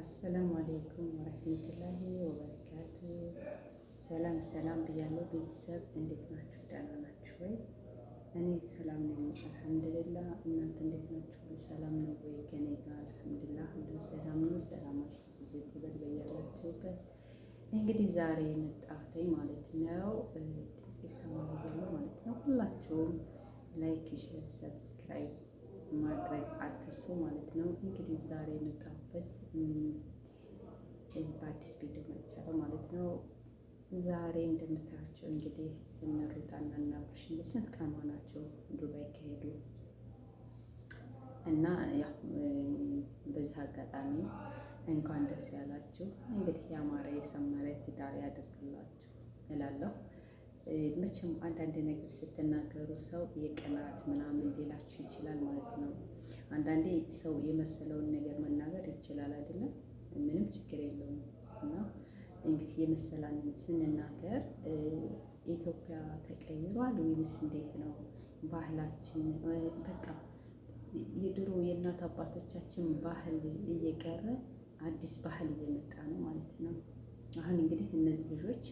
አሰላሙ አሌይኩም ወረህመቱላሂ ወበረካቱ። ሰላም ሰላም ብያለሁ ቤተሰብ፣ እንዴት ናችሁ? ደህና ናችሁ ወይ? እኔ ሰላም ነኝ አልሐምዱሊላ። እናንተ እንዴት ናችሁ? ሰላም ነው ወይ? ከኔ ጋር አልሐምዱሊላ ሁሉም ሰላም ነው። ሰላማችሁ ጊዜ ትበል በያላችሁበት። እንግዲህ ዛሬ መጣሁትኝ ማለት ነው ድምፅ ማለት ነው። ሁላችሁም ላይክ፣ ሼር፣ ሰብስክራይብ ማድረግ አትርሱ ማለት ነው። እንግዲህ ዛሬ መጣሁ ያለሁበት በአዲስ ቪዲዮ መጥቻለሁ ማለት ነው። ዛሬ እንደምታያቸው እንግዲህ እነ ሩታና እነ አብርሽ ስንት ቀን ሆናቸው ዱባይ ከሄዱ እና ያው በዚህ አጋጣሚ እንኳን ደስ ያላችሁ። እንግዲህ ያማረ የሰመረ ትዳር ያደርግላችሁ እላለሁ። መቼም አንዳንድ ነገር ስትናገሩ ሰው የቅናት ምናምን ሌላችሁ ይችላል ማለት ነው። አንዳንዴ ሰው የመሰለውን ነገር ይችላል አይደለም? ምንም ችግር የለውም። እና እንግዲህ የመሰላን ስንናገር ኢትዮጵያ ተቀይሯል ወይንስ እንዴት ነው? ባህላችን በቃ የድሮ የእናት አባቶቻችን ባህል እየቀረ አዲስ ባህል እየመጣ ነው ማለት ነው። አሁን እንግዲህ እነዚህ ልጆች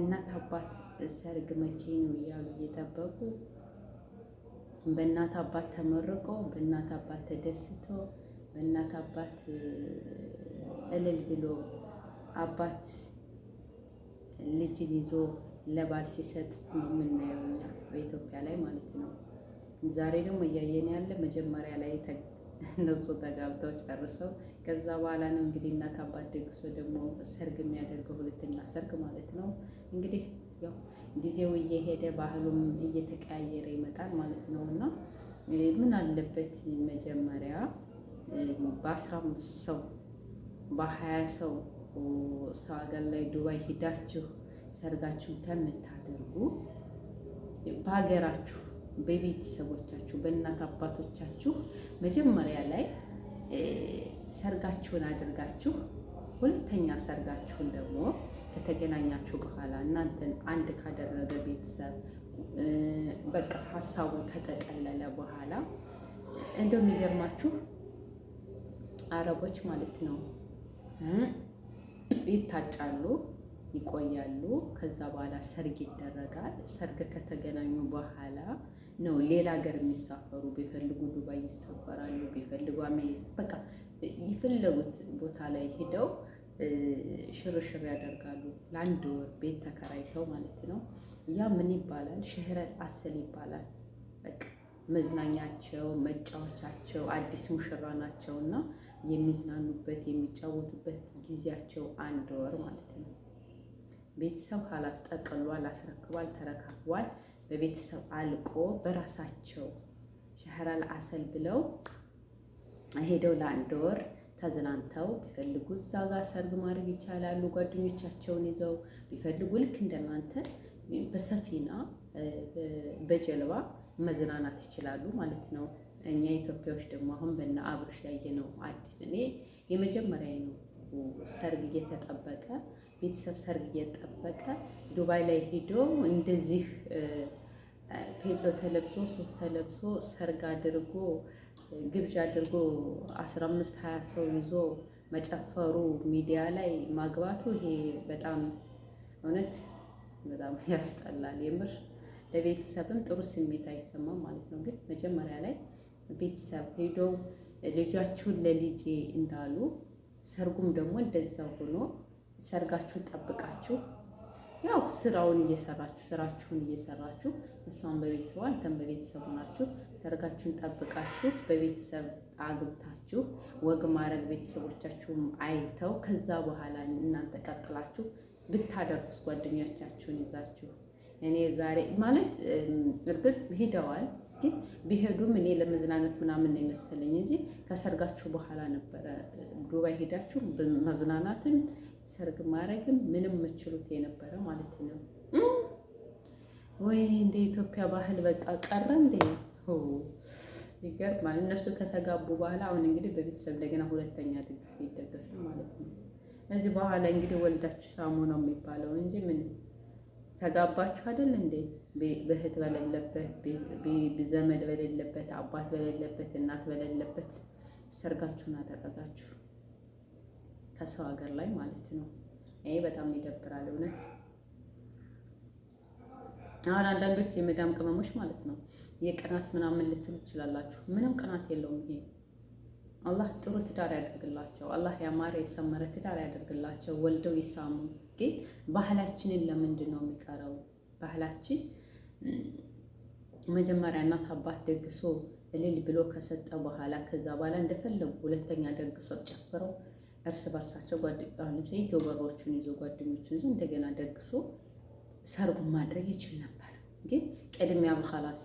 እናት አባት ሰርግ መቼ ነው እያሉ እየጠበቁ በእናት አባት ተመርቆ በእናት አባት ተደስቶ በእናት አባት እልል ብሎ አባት ልጅን ይዞ ለባል ሲሰጥ ነው የምናየው እኛ በኢትዮጵያ ላይ ማለት ነው። ዛሬ ደግሞ እያየን ያለ መጀመሪያ ላይ እነሱ ተጋብተው ጨርሰው ከዛ በኋላ ነው እንግዲህ እናት አባት ደግሶ ደግሞ ሰርግ የሚያደርገው ሁለተኛ ሰርግ ማለት ነው እንግዲህ ያው ጊዜው እየሄደ ባህሉም እየተቀያየረ ይመጣል ማለት ነው እና ምን አለበት መጀመሪያ በአስራ አምስት ሰው በሀያ ሰው ሰው ሀገር ላይ ዱባይ ሂዳችሁ ሰርጋችሁ ከምታደርጉ በሀገራችሁ በቤተሰቦቻችሁ በእናት አባቶቻችሁ መጀመሪያ ላይ ሰርጋችሁን አድርጋችሁ ሁለተኛ ሰርጋችሁን ደግሞ ከተገናኛችሁ በኋላ እናንተን አንድ ካደረገ ቤተሰብ በቃ ሀሳቡ ከተቀለለ በኋላ እንደው የሚገርማችሁ አረቦች ማለት ነው ይታጫሉ፣ ይቆያሉ። ከዛ በኋላ ሰርግ ይደረጋል። ሰርግ ከተገናኙ በኋላ ነው ሌላ ሀገር የሚሳፈሩ። ቢፈልጉ ዱባይ ይሳፈራሉ፣ ቢፈልጉ አሜሪካ፣ በቃ የፈለጉት ቦታ ላይ ሂደው ሽርሽር ያደርጋሉ። ለአንድ ወር ቤት ተከራይተው ማለት ነው። ያ ምን ይባላል? ሽህረት አስል ይባላል። በቃ መዝናኛቸው፣ መጫወቻቸው አዲስ ሙሽራ ናቸው እና የሚዝናኑበት የሚጫወቱበት ጊዜያቸው አንድ ወር ማለት ነው። ቤተሰብ ሀላስ ጠቅሏል፣ አስረክቧል፣ ተረካክቧል። በቤተሰብ አልቆ በራሳቸው ሸህረል አሰል ብለው ሄደው ለአንድ ወር ተዝናንተው ቢፈልጉ እዛ ጋር ሰርግ ማድረግ ይቻላሉ። ጓደኞቻቸውን ይዘው ቢፈልጉ ልክ እንደናንተ በሰፊና በጀልባ መዝናናት ይችላሉ ማለት ነው። እኛ ኢትዮጵያዎች ደግሞ አሁን በነ አብርሽ ያየነው አዲስ እኔ የመጀመሪያ ነው ሰርግ እየተጠበቀ ቤተሰብ ሰርግ እየተጠበቀ ዱባይ ላይ ሄዶ እንደዚህ ፌሎ ተለብሶ ሱፍ ተለብሶ ሰርግ አድርጎ ግብዣ አድርጎ አስራ አምስት ሀያ ሰው ይዞ መጨፈሩ ሚዲያ ላይ ማግባቱ ይሄ በጣም እውነት በጣም ያስጠላል። የምር ለቤተሰብም ጥሩ ስሜት አይሰማም ማለት ነው። ግን መጀመሪያ ላይ ቤተሰብ ሄደው ልጃችሁን ለልጄ እንዳሉ ሰርጉም ደግሞ እንደዛ ሆኖ ሰርጋችሁን ጠብቃችሁ ያው ስራውን እየሰራችሁ ስራችሁን እየሰራችሁ እሷን በቤተሰቡ አንተም በቤተሰቡ ናችሁ። ሰርጋችሁን ጠብቃችሁ በቤተሰብ አግብታችሁ ወግ ማድረግ ቤተሰቦቻችሁም አይተው ከዛ በኋላ እናንተ ቀጥላችሁ ብታደርጉስ ጓደኞቻችሁን ይዛችሁ እኔ ዛሬ ማለት እርግጥ ሄደዋል፣ ግን ቢሄዱም እኔ ለመዝናናት ምናምን ነው የመሰለኝ እንጂ ከሰርጋችሁ በኋላ ነበረ ዱባይ ሄዳችሁ መዝናናትን ሰርግ ማድረግም ምንም የምችሉት የነበረ ማለት ነው። ወይኔ እንደ ኢትዮጵያ ባህል በቃ ቀረ እንዴ! ይገርማል። እነሱ ከተጋቡ በኋላ አሁን እንግዲህ በቤተሰብ እንደገና ሁለተኛ ድግስ ይደገሳል ማለት ነው። እዚህ በኋላ እንግዲህ ወልዳችሁ ሳሙ ነው የሚባለው እንጂ ምን ተጋባችሁ አይደል እንዴ? እህት በሌለበት፣ ዘመድ በሌለበት፣ አባት በሌለበት፣ እናት በሌለበት ሰርጋችሁን አደረጋችሁ። ከሰው ሀገር ላይ ማለት ነው። ይሄ በጣም ይደብራል እውነት። አሁን አንዳንዶች የመዳም ቅመሞች ማለት ነው የቅናት ምናምን ልትሉ ትችላላችሁ። ምንም ቅናት የለውም ይሄ። አላህ ጥሩ ትዳር ያደርግላቸው። አላህ ያማረ የሰመረ ትዳር ያደርግላቸው። ወልደው ይሳሙ። ግን ባህላችንን ለምንድን ነው የሚቀረው? ባህላችን መጀመሪያ እናት አባት ደግሶ እልል ብሎ ከሰጠ በኋላ ከዛ በኋላ እንደፈለጉ ሁለተኛ ደግሰው ጨፍረው እርስ በርሳቸው ኢትዮበሮቹን ይዞ ጓደኞቹን ይዞ እንደገና ደግሶ ሰርጉ ማድረግ ይችል ነበር። ግን ቅድሚያ በኋላስ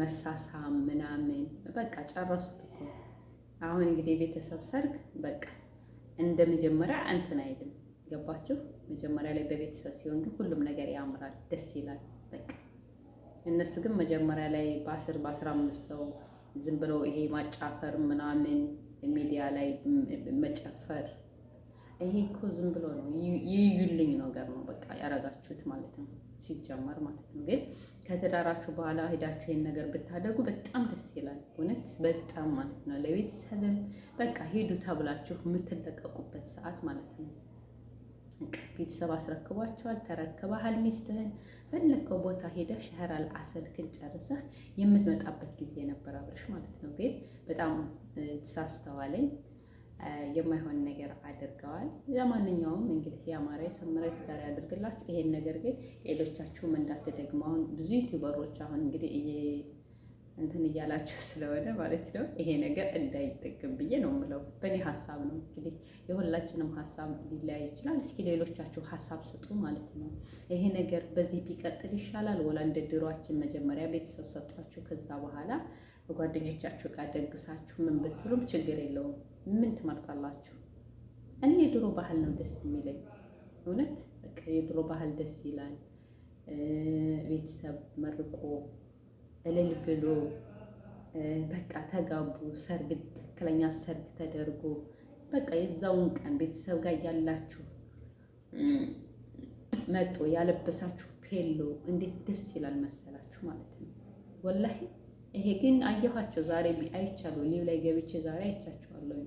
መሳሳ ምናምን በቃ ጨረሱት እኮ። አሁን እንግዲህ የቤተሰብ ሰርግ በቃ እንደ መጀመሪያ እንትን አይልም። ገባችሁ? መጀመሪያ ላይ በቤተሰብ ሲሆን ግን ሁሉም ነገር ያምራል፣ ደስ ይላል። በቃ እነሱ ግን መጀመሪያ ላይ በአስር በአስራ አምስት ሰው ዝም ብሎ ይሄ ማጫፈር ምናምን ሚዲያ ላይ መጨፈር ይሄ እኮ ዝም ብሎ ነው ይዩልኝ ነገር ነው በቃ ያረጋችሁት ማለት ነው ሲጀመር ማለት ነው። ግን ከተዳራችሁ በኋላ ሄዳችሁ ይሄን ነገር ብታደጉ በጣም ደስ ይላል። እውነት በጣም ማለት ነው። ለቤተሰብም በቃ ሄዱ ተብላችሁ የምትለቀቁበት ሰዓት ማለት ነው። ቤተሰብ አስረክቧቸዋል። ተረክበሃል ሚስትህን ፈለግከው ቦታ ሄደህ ሸህራል አሰልክን ጨርሰህ የምትመጣበት ጊዜ ነበር አብረሽ ማለት ነው። ግን በጣም ትሳስተዋለኝ የማይሆን ነገር አድርገዋል። ለማንኛውም እንግዲህ የአማራ የሰመረ ትዳር ያደርግላችሁ። ይሄን ነገር ግን ሌሎቻችሁም እንዳትደግሙ። አሁን ብዙ ዩቲዩበሮች አሁን እንግዲህ እንትን እያላችሁ ስለሆነ ማለት ነው ይሄ ነገር እንዳይጠቅም ብዬ ነው የምለው። በእኔ ሀሳብ ነው እንግዲህ የሁላችንም ሀሳብ ሊለያይ ይችላል። እስኪ ሌሎቻችሁ ሀሳብ ስጡ ማለት ነው። ይሄ ነገር በዚህ ቢቀጥል ይሻላል ወላ እንደ ድሯችን መጀመሪያ ቤተሰብ ሰጧችሁ፣ ከዛ በኋላ ጓደኞቻችሁ ጋር ደግሳችሁ ምን ብትሉም ችግር የለውም። ምን ትመርጣላችሁ? እኔ የድሮ ባህል ነው ደስ የሚለኝ እውነት በቃ የድሮ ባህል ደስ ይላል። ቤተሰብ መርቆ እልል ብሎ በቃ ተጋቡ። ሰርግ፣ ትክክለኛ ሰርግ ተደርጎ በቃ የዛውን ቀን ቤተሰብ ጋር ያላችሁ መጦ ያለበሳችሁ ፔሎ እንዴት ደስ ይላል መሰላችሁ ማለት ነው። ወላሂ ይሄ ግን አየኋቸው ዛሬ አይቻሉ ሊብ ላይ ገብቼ ዛሬ አይቻቸዋለሁ።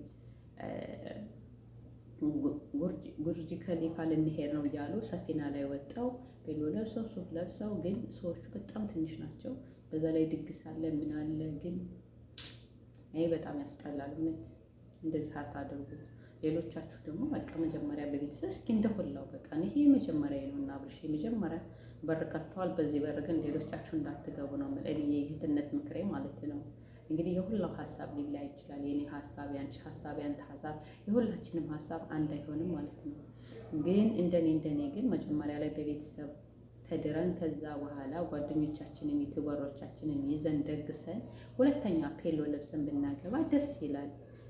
ጉርጅ ከሊፋ ልንሄድ ነው እያሉ ሰፊና ላይ ወጣው ፔሎ ለብሰው ሱፍ ለብሰው፣ ግን ሰዎቹ በጣም ትንሽ ናቸው። በዛ ላይ ድግስ አለ ምን አለ። ግን ይሄ በጣም ያስጠላል። እውነት እንደዚህ አታድርጉ። ሌሎቻችሁ ደግሞ በቃ መጀመሪያ በቤተሰብ እስኪ እንደሁላው በቃ ይሄ መጀመሪያ ነው እና አብርሽ መጀመሪያ በር ከፍተዋል። በዚህ በር ግን ሌሎቻችሁ እንዳትገቡ ነው እኔ የእህትነት ምክሬ ማለት ነው። እንግዲህ የሁላው ሀሳብ ሊለያይ ይችላል። የኔ ሀሳብ፣ የአንቺ ሀሳብ፣ የአንተ ሀሳብ፣ የሁላችንም ሀሳብ አንድ አይሆንም ማለት ነው። ግን እንደኔ እንደኔ ግን መጀመሪያ ላይ በቤተሰብ ተድረን ከዛ በኋላ ጓደኞቻችንን ዩቲዩበሮቻችንን ይዘን ደግሰን ሁለተኛ ፔሎ ለብሰን ብናገባ ደስ ይላል።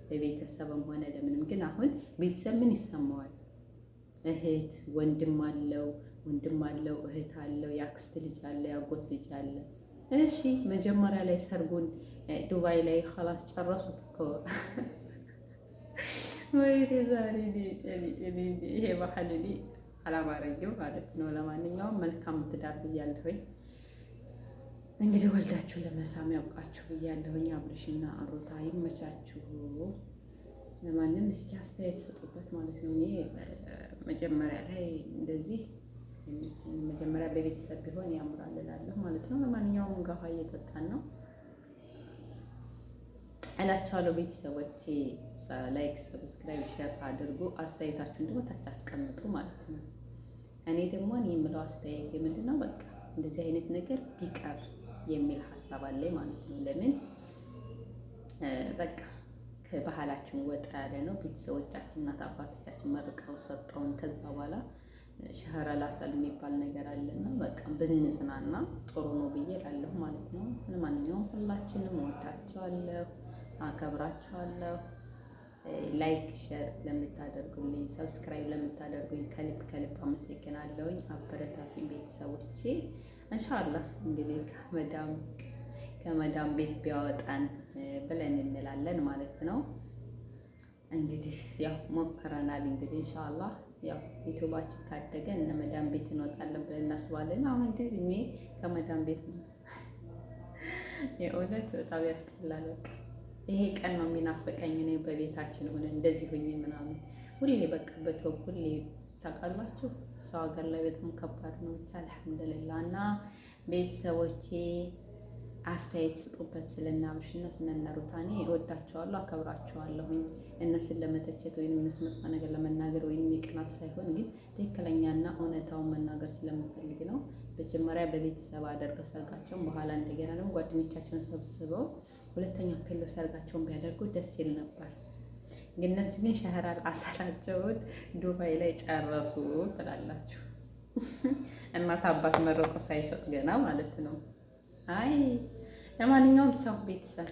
ለቤተሰብም ሆነ ለምንም። ግን አሁን ቤተሰብ ምን ይሰማዋል? እህት ወንድም አለው፣ ወንድም አለው፣ እህት አለው፣ የአክስት ልጅ አለ፣ የአጎት ልጅ አለ። እሺ መጀመሪያ ላይ ሰርጉን ዱባይ ላይ ላስ ጨረሱት እኮ ወይ ዛሬ ይሄ ባህል አላማረኝም ማለት ነው። ለማንኛውም መልካም ትዳር ብያለሁኝ። እንግዲህ ወልዳችሁ ለመሳም ያውቃችሁ ብያለሁኝ። አብርሽና አሮታ ይመቻችሁ። ለማንም እስኪ አስተያየት ሰጡበት ማለት ነው። እኔ መጀመሪያ ላይ እንደዚህ መጀመሪያ በቤተሰብ ቢሆን ያምራልላለሁ ማለት ነው። ለማንኛውም ጋፋ እየጠጣን ነው። እላችኋለሁ ቤተሰቦቼ። ላይክ፣ ሰብስክራይብ፣ ሸር አድርጉ። አስተያየታችሁን ደግሞ ታች አስቀምጡ ማለት ነው። እኔ ደግሞ እኔ የምለው አስተያየት ምንድን ነው፣ በቃ እንደዚህ አይነት ነገር ቢቀር የሚል ሀሳብ አለኝ ማለት ነው። ለምን በቃ ከባህላችን ወጣ ያለ ነው። ቤተሰቦቻችን እናት አባቶቻችን መርቀው ሰጠውን። ከዛ በኋላ ሸህረ ላሰል የሚባል ነገር አለና በቃ ብንዝናና ጥሩ ነው ብዬ እላለሁ ማለት ነው። ለማንኛውም ሁላችንም ወዳቸዋለሁ። አከብራችኋለሁ። ላይክ ሸር ለምታደርጉልኝ፣ ሰብስክራይብ ለምታደርጉኝ ከልብ ከልብ አመሰግናለሁኝ። አበረታቱኝ ቤተሰቦቼ። እንሻላ እንግዲህ ከመዳም ከመዳም ቤት ቢያወጣን ብለን እንላለን ማለት ነው። እንግዲህ ያው ሞክረናል። እንግዲህ እንሻላ ያው ዩቱባችን ካደገ እነ መዳም ቤት እንወጣለን ብለን እናስባለን። አሁን ጊዜ እኔ ከመዳም ቤት ነው የእውነት በጣም ያስጠላል በቃ ይሄ ቀን ነው የሚናፈቀኝ እኔ በቤታችን ሆነ እንደዚህ ሆኜ ምናምን ሁሌ በቃ በተው ሁሌ ታውቃላችሁ፣ ሰው ሀገር ላይ በጣም ከባድ ነው። ብቻ አልሐምዱልላ እና ቤተሰቦቼ አስተያየት ስጡበት። ስለናብሽና ስለናሩታኔ እወዳቸዋለሁ፣ አከብራቸዋለሁኝ። እነሱን ለመተቸት ወይም እነሱ መጥፎ ነገር ለመናገር ወይም የቅናት ሳይሆን ግን ትክክለኛና እውነታውን መናገር ስለምፈልግ ነው። መጀመሪያ በቤተሰብ አደርገው ሰርጋቸውን በኋላ እንደገና ደግሞ ጓደኞቻቸውን ሰብስበው ሁለተኛ ፔሎ ሰርጋቸውን ቢያደርጉ ደስ ይል ነበር። እነሱ ግን ሸህራል አሰራቸውን ዱባይ ላይ ጨረሱ ትላላችሁ። እናት አባት መረቆ ሳይሰጥ ገና ማለት ነው። አይ ለማንኛውም ቻው ቤተሰብ።